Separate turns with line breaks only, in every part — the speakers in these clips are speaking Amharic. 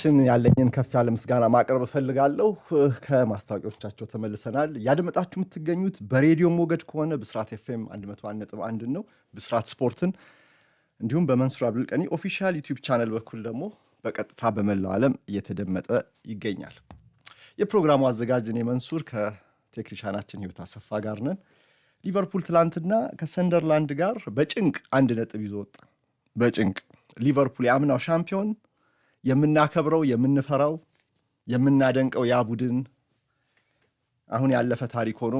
ችን ያለኝን ከፍ ያለ ምስጋና ማቅረብ እፈልጋለሁ። ከማስታወቂያዎቻቸው ተመልሰናል። ያደመጣችሁ የምትገኙት በሬዲዮ ሞገድ ከሆነ ብስራት ኤፍኤም አንድ ነው። ብስራት ስፖርትን እንዲሁም በመንሱር አብዱልቀኒ ኦፊሻል ዩቲዩብ ቻነል በኩል ደግሞ በቀጥታ በመላው ዓለም እየተደመጠ ይገኛል። የፕሮግራሙ አዘጋጅ እኔ መንሱር ከቴክኒሻናችን ህይወት አሰፋ ጋር ነን። ሊቨርፑል ትላንትና ከሰንደርላንድ ጋር በጭንቅ አንድ ነጥብ ይዞ ወጣ። በጭንቅ ሊቨርፑል የአምናው ሻምፒዮን የምናከብረው የምንፈራው የምናደንቀው ያ ቡድን አሁን ያለፈ ታሪክ ሆኖ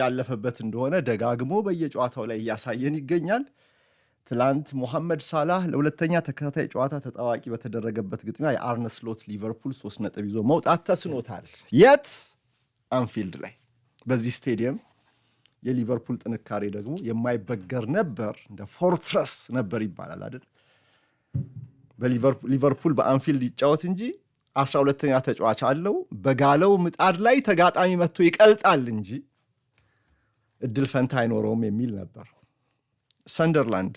ያለፈበት እንደሆነ ደጋግሞ በየጨዋታው ላይ እያሳየን ይገኛል። ትላንት ሞሐመድ ሳላህ ለሁለተኛ ተከታታይ ጨዋታ ተጠዋቂ በተደረገበት ግጥሚያ የአርነ ስሎት ሊቨርፑል ሶስት ነጥብ ይዞ መውጣት ተስኖታል። የት አንፊልድ ላይ በዚህ ስቴዲየም የሊቨርፑል ጥንካሬ ደግሞ የማይበገር ነበር። እንደ ፎርትረስ ነበር ይባላል አይደል? ሊቨርፑል በአንፊልድ ይጫወት እንጂ አስራ ሁለተኛ ተጫዋች አለው። በጋለው ምጣድ ላይ ተጋጣሚ መጥቶ ይቀልጣል እንጂ እድል ፈንታ አይኖረውም የሚል ነበር። ሰንደርላንድ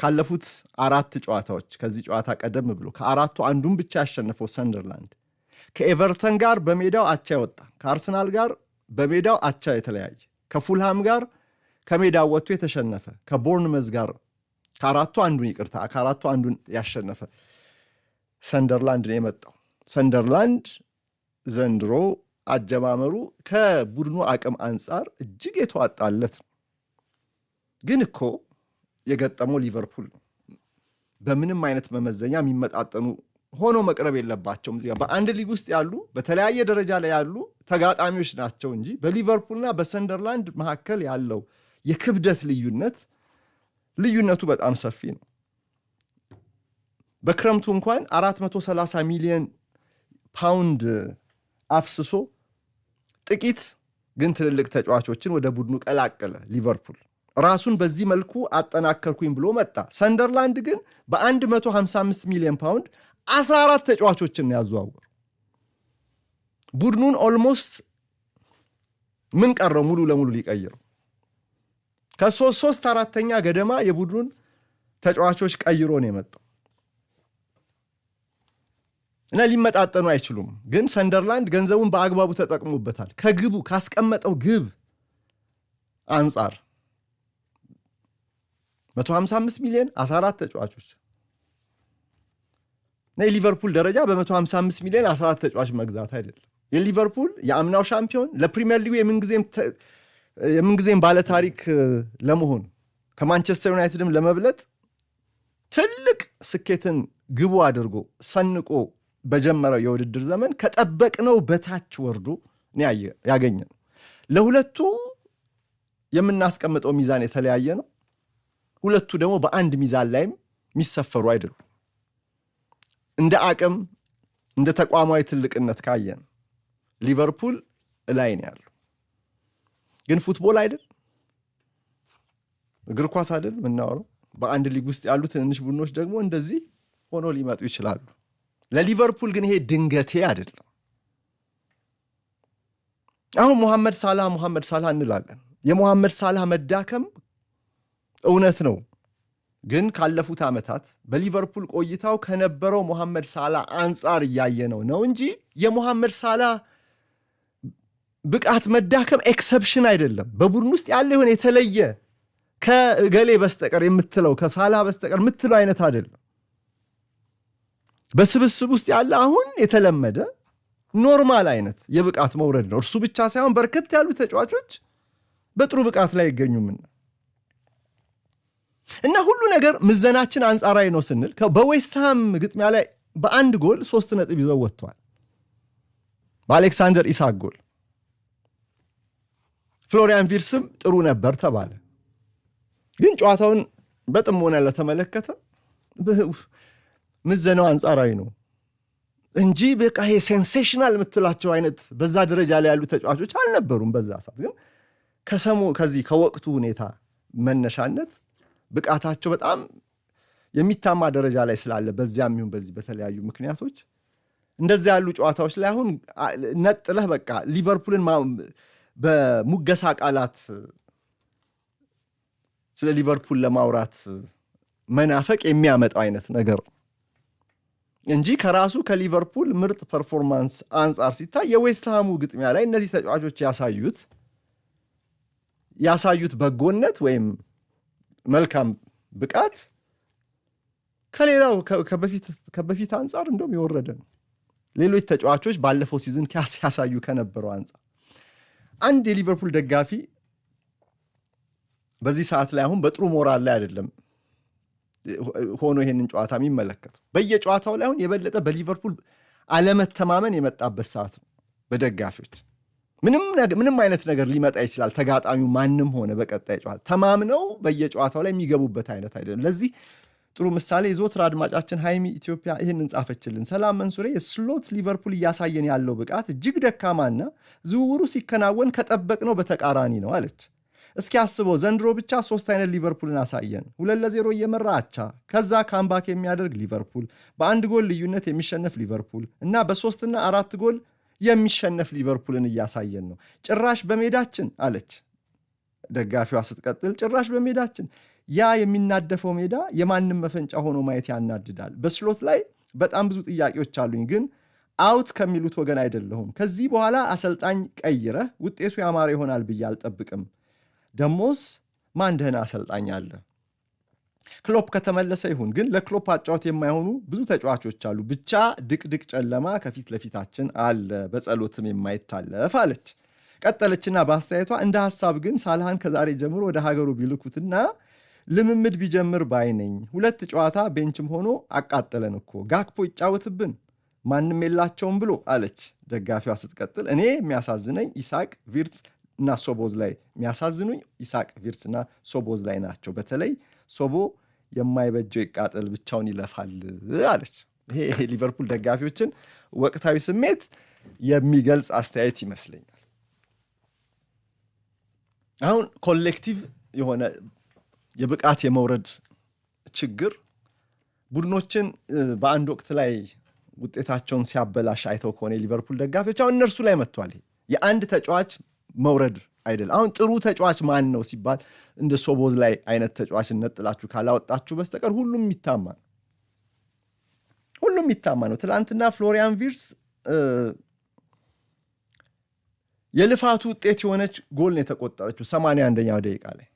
ካለፉት አራት ጨዋታዎች ከዚህ ጨዋታ ቀደም ብሎ ከአራቱ አንዱን ብቻ ያሸነፈው ሰንደርላንድ ከኤቨርተን ጋር በሜዳው አቻ የወጣ ከአርሰናል ጋር በሜዳው አቻ የተለያየ ከፉልሃም ጋር ከሜዳው ወጥቶ የተሸነፈ ከቦርንመዝ ጋር ከአራቱ አንዱን ይቅርታ፣ ከአራቱ አንዱን ያሸነፈ ሰንደርላንድ ነው የመጣው። ሰንደርላንድ ዘንድሮ አጀማመሩ ከቡድኑ አቅም አንጻር እጅግ የተዋጣለት ነው። ግን እኮ የገጠመው ሊቨርፑል ነው። በምንም አይነት መመዘኛ የሚመጣጠኑ ሆኖ መቅረብ የለባቸውም። እዚህ በአንድ ሊግ ውስጥ ያሉ በተለያየ ደረጃ ላይ ያሉ ተጋጣሚዎች ናቸው እንጂ በሊቨርፑልና በሰንደርላንድ መካከል ያለው የክብደት ልዩነት ልዩነቱ በጣም ሰፊ ነው። በክረምቱ እንኳን 430 ሚሊዮን ፓውንድ አፍስሶ ጥቂት ግን ትልልቅ ተጫዋቾችን ወደ ቡድኑ ቀላቀለ። ሊቨርፑል ራሱን በዚህ መልኩ አጠናከርኩኝ ብሎ መጣ። ሰንደርላንድ ግን በ155 ሚሊዮን ፓውንድ 14 ተጫዋቾችን ያዘዋወሩ። ቡድኑን ኦልሞስት ምን ቀረው ሙሉ ለሙሉ ሊቀይረው ከሶስት ሶስት አራተኛ ገደማ የቡድኑን ተጫዋቾች ቀይሮ ነው የመጣው እና ሊመጣጠኑ አይችሉም። ግን ሰንደርላንድ ገንዘቡን በአግባቡ ተጠቅሞበታል። ከግቡ ካስቀመጠው ግብ አንጻር 155 ሚሊዮን 14 ተጫዋቾች እና የሊቨርፑል ደረጃ በ155 ሚሊዮን 14 ተጫዋች መግዛት አይደለም። የሊቨርፑል የአምናው ሻምፒዮን ለፕሪምየር ሊጉ የምንጊዜም የምንጊዜም ባለ ታሪክ ለመሆን ከማንቸስተር ዩናይትድም ለመብለጥ ትልቅ ስኬትን ግቡ አድርጎ ሰንቆ በጀመረው የውድድር ዘመን ከጠበቅነው በታች ወርዶ ያገኘ ነው። ለሁለቱ የምናስቀምጠው ሚዛን የተለያየ ነው። ሁለቱ ደግሞ በአንድ ሚዛን ላይም የሚሰፈሩ አይደሉም። እንደ አቅም እንደ ተቋማዊ ትልቅነት ካየን ሊቨርፑል እላይ ነው ያለው። ግን ፉትቦል አይደል እግር ኳስ አይደል የምናወረው በአንድ ሊግ ውስጥ ያሉ ትንንሽ ቡድኖች ደግሞ እንደዚህ ሆኖ ሊመጡ ይችላሉ። ለሊቨርፑል ግን ይሄ ድንገቴ አይደለም። አሁን ሙሐመድ ሳላህ ሙሐመድ ሳላህ እንላለን። የሙሐመድ ሳላህ መዳከም እውነት ነው፣ ግን ካለፉት ዓመታት በሊቨርፑል ቆይታው ከነበረው ሙሐመድ ሳላህ አንጻር እያየ ነው ነው እንጂ የሙሐመድ ሳላህ ብቃት መዳከም ኤክሰፕሽን አይደለም። በቡድን ውስጥ ያለ የሆነ የተለየ ከገሌ በስተቀር የምትለው ከሳላ በስተቀር የምትለው አይነት አይደለም። በስብስብ ውስጥ ያለ አሁን የተለመደ ኖርማል አይነት የብቃት መውረድ ነው። እርሱ ብቻ ሳይሆን በርከት ያሉ ተጫዋቾች በጥሩ ብቃት ላይ አይገኙምና እና ሁሉ ነገር ምዘናችን አንጻራዊ ነው ስንል በዌስትሃም ግጥሚያ ላይ በአንድ ጎል ሶስት ነጥብ ይዘው ወጥተዋል። በአሌክሳንደር ኢሳክ ጎል ፍሎሪያን ቪርስም ጥሩ ነበር ተባለ። ግን ጨዋታውን በጥሞና ለተመለከተ ምዘናው አንጻራዊ ነው እንጂ በቃ ይሄ ሴንሴሽናል የምትላቸው አይነት በዛ ደረጃ ላይ ያሉ ተጫዋቾች አልነበሩም። በዛ ሰዓት ግን ከሰሞ ከዚህ ከወቅቱ ሁኔታ መነሻነት ብቃታቸው በጣም የሚታማ ደረጃ ላይ ስላለ በዚያም ይሁን በዚህ በተለያዩ ምክንያቶች እንደዚያ ያሉ ጨዋታዎች ላይ አሁን ነጥለህ በቃ ሊቨርፑልን በሙገሳ ቃላት ስለ ሊቨርፑል ለማውራት መናፈቅ የሚያመጣው አይነት ነገር እንጂ ከራሱ ከሊቨርፑል ምርጥ ፐርፎርማንስ አንጻር ሲታይ የዌስትሃሙ ግጥሚያ ላይ እነዚህ ተጫዋቾች ያሳዩት ያሳዩት በጎነት ወይም መልካም ብቃት ከሌላው ከበፊት አንጻር እንደውም የወረደ ነው። ሌሎች ተጫዋቾች ባለፈው ሲዝን ያሳዩ ከነበረው አንጻር አንድ የሊቨርፑል ደጋፊ በዚህ ሰዓት ላይ አሁን በጥሩ ሞራል ላይ አይደለም ሆኖ ይሄንን ጨዋታ የሚመለከተው። በየጨዋታው ላይ አሁን የበለጠ በሊቨርፑል አለመተማመን የመጣበት ሰዓት ነው። በደጋፊዎች ምንም አይነት ነገር ሊመጣ ይችላል። ተጋጣሚው ማንም ሆነ በቀጣይ ጨዋታ ተማምነው በየጨዋታው ላይ የሚገቡበት አይነት አይደለም። ለዚህ ጥሩ ምሳሌ ዞትር አድማጫችን ሀይሚ ኢትዮጵያ ይህን ጻፈችልን። ሰላም መንሱሬ፣ የስሎት ሊቨርፑል እያሳየን ያለው ብቃት እጅግ ደካማና ዝውውሩ ሲከናወን ከጠበቅነው በተቃራኒ ነው አለች። እስኪ አስበው ዘንድሮ ብቻ ሶስት አይነት ሊቨርፑልን አሳየን። ሁለት ለዜሮ እየመራ አቻ፣ ከዛ ካምባክ የሚያደርግ ሊቨርፑል፣ በአንድ ጎል ልዩነት የሚሸነፍ ሊቨርፑል እና በሶስትና አራት ጎል የሚሸነፍ ሊቨርፑልን እያሳየን ነው። ጭራሽ በሜዳችን አለች ደጋፊዋ ስትቀጥል ጭራሽ በሜዳችን ያ የሚናደፈው ሜዳ የማንም መፈንጫ ሆኖ ማየት ያናድዳል። በስሎት ላይ በጣም ብዙ ጥያቄዎች አሉኝ፣ ግን አውት ከሚሉት ወገን አይደለሁም። ከዚህ በኋላ አሰልጣኝ ቀይረህ ውጤቱ ያማረ ይሆናል ብዬ አልጠብቅም። ደሞስ ማን ደህና አሰልጣኝ አለ? ክሎፕ ከተመለሰ ይሁን፣ ግን ለክሎፕ አጫወት የማይሆኑ ብዙ ተጫዋቾች አሉ። ብቻ ድቅድቅ ጨለማ ከፊት ለፊታችን አለ፣ በጸሎትም የማይታለፍ አለች። ቀጠለችና በአስተያየቷ እንደ ሀሳብ ግን ሳልሃን ከዛሬ ጀምሮ ወደ ሀገሩ ቢልኩትና ልምምድ ቢጀምር ባይ ነኝ። ሁለት ጨዋታ ቤንችም ሆኖ አቃጠለን እኮ ጋክፖ ይጫወትብን ማንም የላቸውም ብሎ አለች ደጋፊዋ ስትቀጥል። እኔ የሚያሳዝነኝ ኢሳቅ ቪርትስ እና ሶቦዝ ላይ የሚያሳዝኑኝ ኢሳቅ ቪርትስ እና ሶቦዝ ላይ ናቸው። በተለይ ሶቦ የማይበጀው ይቃጠል ብቻውን ይለፋል አለች። ይሄ ሊቨርፑል ደጋፊዎችን ወቅታዊ ስሜት የሚገልጽ አስተያየት ይመስለኛል። አሁን ኮሌክቲቭ የሆነ የብቃት የመውረድ ችግር ቡድኖችን በአንድ ወቅት ላይ ውጤታቸውን ሲያበላሽ አይተው ከሆነ የሊቨርፑል ደጋፊዎች አሁን እነርሱ ላይ መጥቷል። የአንድ ተጫዋች መውረድ አይደለም። አሁን ጥሩ ተጫዋች ማን ነው ሲባል እንደ ሶቦዝ ላይ አይነት ተጫዋች ነጥላችሁ ካላወጣችሁ በስተቀር ሁሉም ይታማ ነው። ሁሉም ይታማ ነው። ትላንትና ፍሎሪያን ቪርስ የልፋቱ ውጤት የሆነች ጎል ነው የተቆጠረችው ሰማንያ አንደኛው ደቂቃ ላይ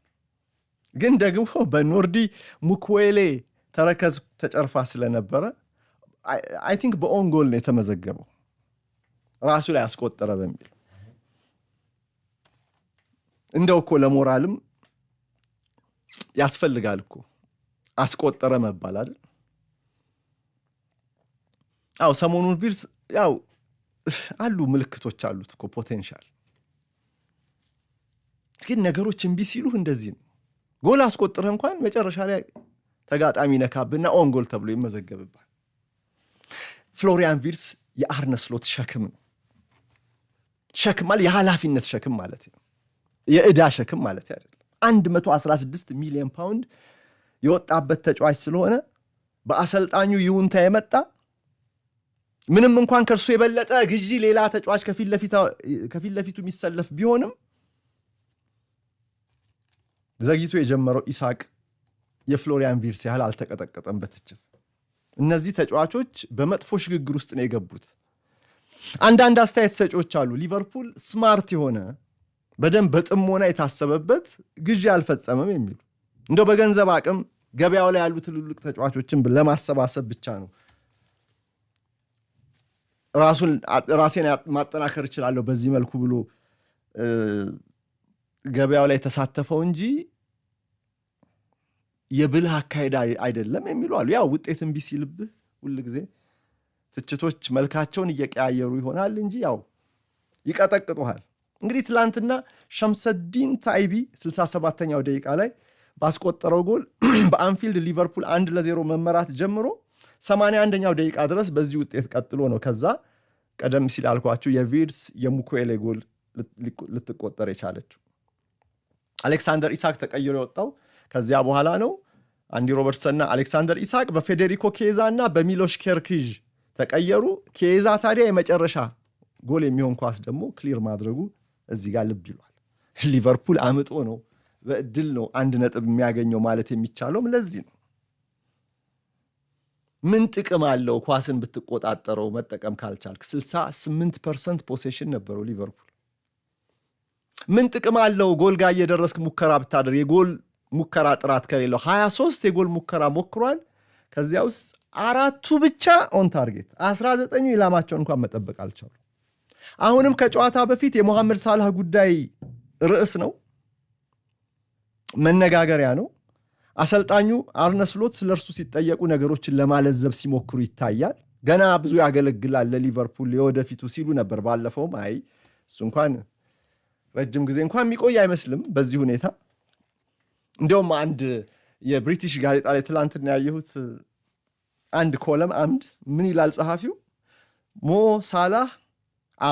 ግን ደግሞ በኖርዲ ሙክዌሌ ተረከዝ ተጨርፋ ስለነበረ አይ ቲንክ በኦን ጎል ነው የተመዘገበው ራሱ ላይ አስቆጠረ በሚል እንደው እኮ ለሞራልም ያስፈልጋል እኮ አስቆጠረ መባል አይደል? አው ሰሞኑን ቪርስ ያው አሉ ምልክቶች አሉት እኮ ፖቴንሻል፣ ግን ነገሮች እምቢ ሲሉ እንደዚህ ነው። ጎል አስቆጥረ እንኳን መጨረሻ ላይ ተጋጣሚ ነካብና ጎል ተብሎ ይመዘገብባል። ፍሎሪያን ቪርስ የአርነስሎት ሸክም ነው። ሸክም ማለት የኃላፊነት ሸክም ማለት ነው፣ የእዳ ሸክም ማለት አይደለም። 116 ሚሊዮን ፓውንድ የወጣበት ተጫዋች ስለሆነ በአሰልጣኙ ይሁንታ የመጣ ምንም እንኳን ከእርሱ የበለጠ ግዢ ሌላ ተጫዋች ከፊት ለፊቱ የሚሰለፍ ቢሆንም ዘግይቶ የጀመረው ኢሳቅ የፍሎሪያን ቪርስ ያህል አልተቀጠቀጠም በትችት። እነዚህ ተጫዋቾች በመጥፎ ሽግግር ውስጥ ነው የገቡት። አንዳንድ አስተያየት ሰጪዎች አሉ ሊቨርፑል ስማርት የሆነ በደንብ በጥሞና የታሰበበት ግዢ አልፈጸመም የሚሉ እንደው በገንዘብ አቅም ገበያው ላይ ያሉ ትልልቅ ተጫዋቾችን ለማሰባሰብ ብቻ ነው ራሱን ራሴን ማጠናከር እችላለሁ በዚህ መልኩ ብሎ ገበያው ላይ የተሳተፈው እንጂ የብልህ አካሄድ አይደለም የሚሉ አሉ። ያው ውጤት እምቢ ሲልብህ ጊዜ ትችቶች መልካቸውን እየቀያየሩ ይሆናል እንጂ ያው ይቀጠቅጡሃል። እንግዲህ ትላንትና ሸምሰዲን ታይቢ 67ኛው ደቂቃ ላይ ባስቆጠረው ጎል በአንፊልድ ሊቨርፑል አንድ ለዜሮ መመራት ጀምሮ 81ኛው ደቂቃ ድረስ በዚህ ውጤት ቀጥሎ ነው። ከዛ ቀደም ሲል አልኳችሁ የቪርስ የሙኮሌ ጎል ልትቆጠር የቻለችው አሌክሳንደር ኢሳክ ተቀይሮ የወጣው ከዚያ በኋላ ነው አንዲ ሮበርትሰንና አሌክሳንደር ኢሳቅ በፌዴሪኮ ኬዛ እና በሚሎሽ ኬርኪዥ ተቀየሩ። ኬዛ ታዲያ የመጨረሻ ጎል የሚሆን ኳስ ደግሞ ክሊር ማድረጉ እዚህ ጋር ልብ ይሏል። ሊቨርፑል አምጦ ነው በእድል ነው አንድ ነጥብ የሚያገኘው ማለት የሚቻለውም ለዚህ ነው። ምን ጥቅም አለው ኳስን ብትቆጣጠረው መጠቀም ካልቻልክ? 68 ፐርሰንት ፖሴሽን ነበረው ሊቨርፑል። ምን ጥቅም አለው ጎል ጋር እየደረስክ ሙከራ ብታደርግ የጎል ሙከራ ጥራት ከሌለው 23 የጎል ሙከራ ሞክሯል። ከዚያ ውስጥ አራቱ ብቻ ኦን ታርጌት፣ 19ኙ ኢላማቸውን እንኳን መጠበቅ አልቻሉ። አሁንም ከጨዋታ በፊት የሞሐመድ ሳላህ ጉዳይ ርዕስ ነው፣ መነጋገሪያ ነው። አሰልጣኙ አርነስሎት ስለ እርሱ ሲጠየቁ ነገሮችን ለማለዘብ ሲሞክሩ ይታያል። ገና ብዙ ያገለግላል ለሊቨርፑል የወደፊቱ ሲሉ ነበር። ባለፈውም አይ እሱ እንኳን ረጅም ጊዜ እንኳን የሚቆይ አይመስልም በዚህ ሁኔታ እንዲሁም አንድ የብሪቲሽ ጋዜጣ ላይ ትላንትን ያየሁት አንድ ኮለም አምድ ምን ይላል ጸሐፊው? ሞ ሳላህ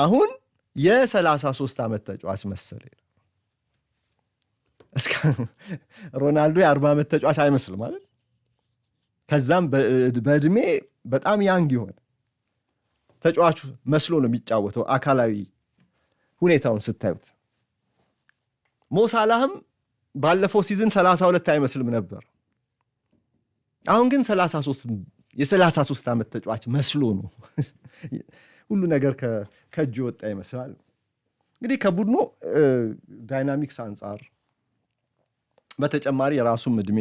አሁን የ33 ዓመት ተጫዋች መሰለ። ሮናልዶ የ40 ዓመት ተጫዋች አይመስል ማለት ከዛም በእድሜ በጣም ያንግ የሆነ ተጫዋቹ መስሎ ነው የሚጫወተው አካላዊ ሁኔታውን ስታዩት ሞሳላህም ባለፈው ሲዝን 32 አይመስልም ነበር። አሁን ግን 33 የ33 ዓመት ተጫዋች መስሎ ነው። ሁሉ ነገር ከእጁ ወጣ ይመስላል። እንግዲህ ከቡድኑ ዳይናሚክስ አንጻር በተጨማሪ የራሱም እድሜ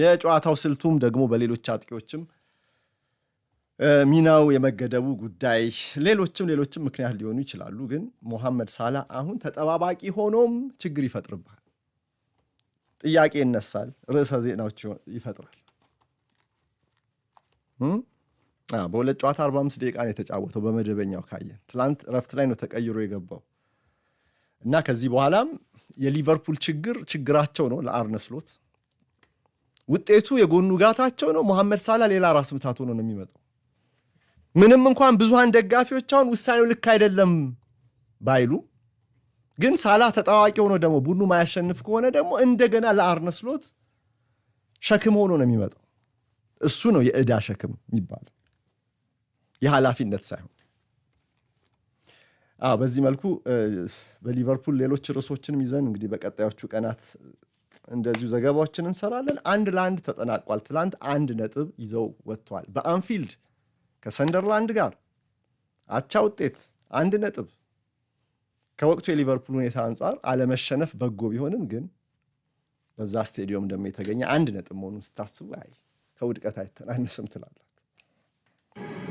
የጨዋታው ስልቱም ደግሞ በሌሎች አጥቂዎችም ሚናው የመገደቡ ጉዳይ ሌሎችም ሌሎችም ምክንያት ሊሆኑ ይችላሉ። ግን ሞሐመድ ሳላ አሁን ተጠባባቂ ሆኖም ችግር ይፈጥርብሃል። ጥያቄ ይነሳል፣ ርዕሰ ዜናዎች ይፈጥራል። በሁለት ጨዋታ 45 ደቂቃ ነው የተጫወተው። በመደበኛው ካየን ትላንት እረፍት ላይ ነው ተቀይሮ የገባው እና ከዚህ በኋላም የሊቨርፑል ችግር ችግራቸው ነው ለአርነ ስሎት ውጤቱ የጎኑ ጋታቸው ነው። መሐመድ ሳላ ሌላ ራስ ምታት ሆኖ ነው የሚመጣው። ምንም እንኳን ብዙሃን ደጋፊዎች አሁን ውሳኔው ልክ አይደለም ባይሉ ግን ሳላ ተጣዋቂ ሆኖ ደግሞ ቡድኑ ማያሸንፍ ከሆነ ደግሞ እንደገና ለአርነስሎት ሸክም ሆኖ ነው የሚመጣው። እሱ ነው የእዳ ሸክም የሚባለው የኃላፊነት ሳይሆን። በዚህ መልኩ በሊቨርፑል ሌሎች ርዕሶችንም ይዘን እንግዲህ በቀጣዮቹ ቀናት እንደዚሁ ዘገባዎችን እንሰራለን። አንድ ለአንድ ተጠናቋል። ትላንት አንድ ነጥብ ይዘው ወጥተዋል። በአንፊልድ ከሰንደርላንድ ጋር አቻ ውጤት አንድ ነጥብ ከወቅቱ የሊቨርፑል ሁኔታ አንጻር አለመሸነፍ በጎ ቢሆንም ግን በዛ ስቴዲየም ደግሞ የተገኘ አንድ ነጥብ መሆኑን ስታስቡ አይ ከውድቀት አይተናነስም ትላላችሁ።